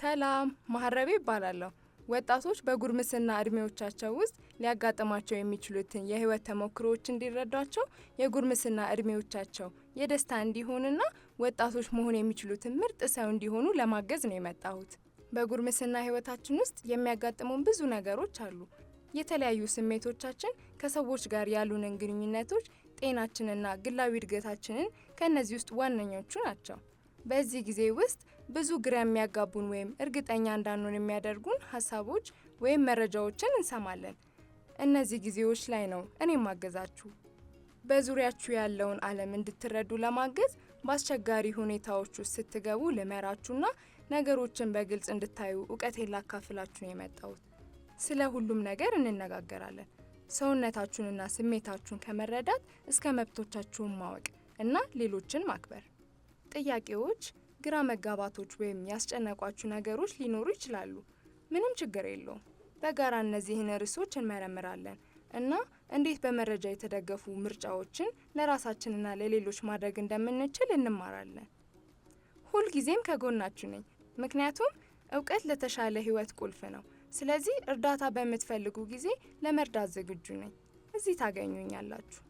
ሰላም ማህረቤ ይባላለሁ። ወጣቶች በጉርምስና እድሜዎቻቸው ውስጥ ሊያጋጥማቸው የሚችሉትን የህይወት ተሞክሮዎች እንዲረዷቸው የጉርምስና እድሜዎቻቸው የደስታ እንዲሆንና ወጣቶች መሆን የሚችሉትን ምርጥ ሰው እንዲሆኑ ለማገዝ ነው የመጣሁት። በጉርምስና ህይወታችን ውስጥ የሚያጋጥሙን ብዙ ነገሮች አሉ። የተለያዩ ስሜቶቻችን፣ ከሰዎች ጋር ያሉንን ግንኙነቶች፣ ጤናችንና ግላዊ እድገታችንን ከእነዚህ ውስጥ ዋነኞቹ ናቸው። በዚህ ጊዜ ውስጥ ብዙ ግራ የሚያጋቡን ወይም እርግጠኛ እንዳንሆን የሚያደርጉን ሀሳቦች ወይም መረጃዎችን እንሰማለን። እነዚህ ጊዜዎች ላይ ነው እኔ ማገዛችሁ። በዙሪያችሁ ያለውን ዓለም እንድትረዱ ለማገዝ በአስቸጋሪ ሁኔታዎች ውስጥ ስትገቡ ልመራችሁና ነገሮችን በግልጽ እንድታዩ እውቀቴን ላካፍላችሁ ነው የመጣሁት። ስለ ሁሉም ነገር እንነጋገራለን። ሰውነታችሁንና ስሜታችሁን ከመረዳት እስከ መብቶቻችሁን ማወቅ እና ሌሎችን ማክበር ጥያቄዎች፣ ግራ መጋባቶች ወይም ያስጨነቋችሁ ነገሮች ሊኖሩ ይችላሉ። ምንም ችግር የለውም። በጋራ እነዚህን ርዕሶች እንመረምራለን እና እንዴት በመረጃ የተደገፉ ምርጫዎችን ለራሳችንና ለሌሎች ማድረግ እንደምንችል እንማራለን። ሁልጊዜም ከጎናችሁ ነኝ፣ ምክንያቱም እውቀት ለተሻለ ህይወት ቁልፍ ነው። ስለዚህ እርዳታ በምትፈልጉ ጊዜ ለመርዳት ዝግጁ ነኝ። እዚህ ታገኙኛላችሁ።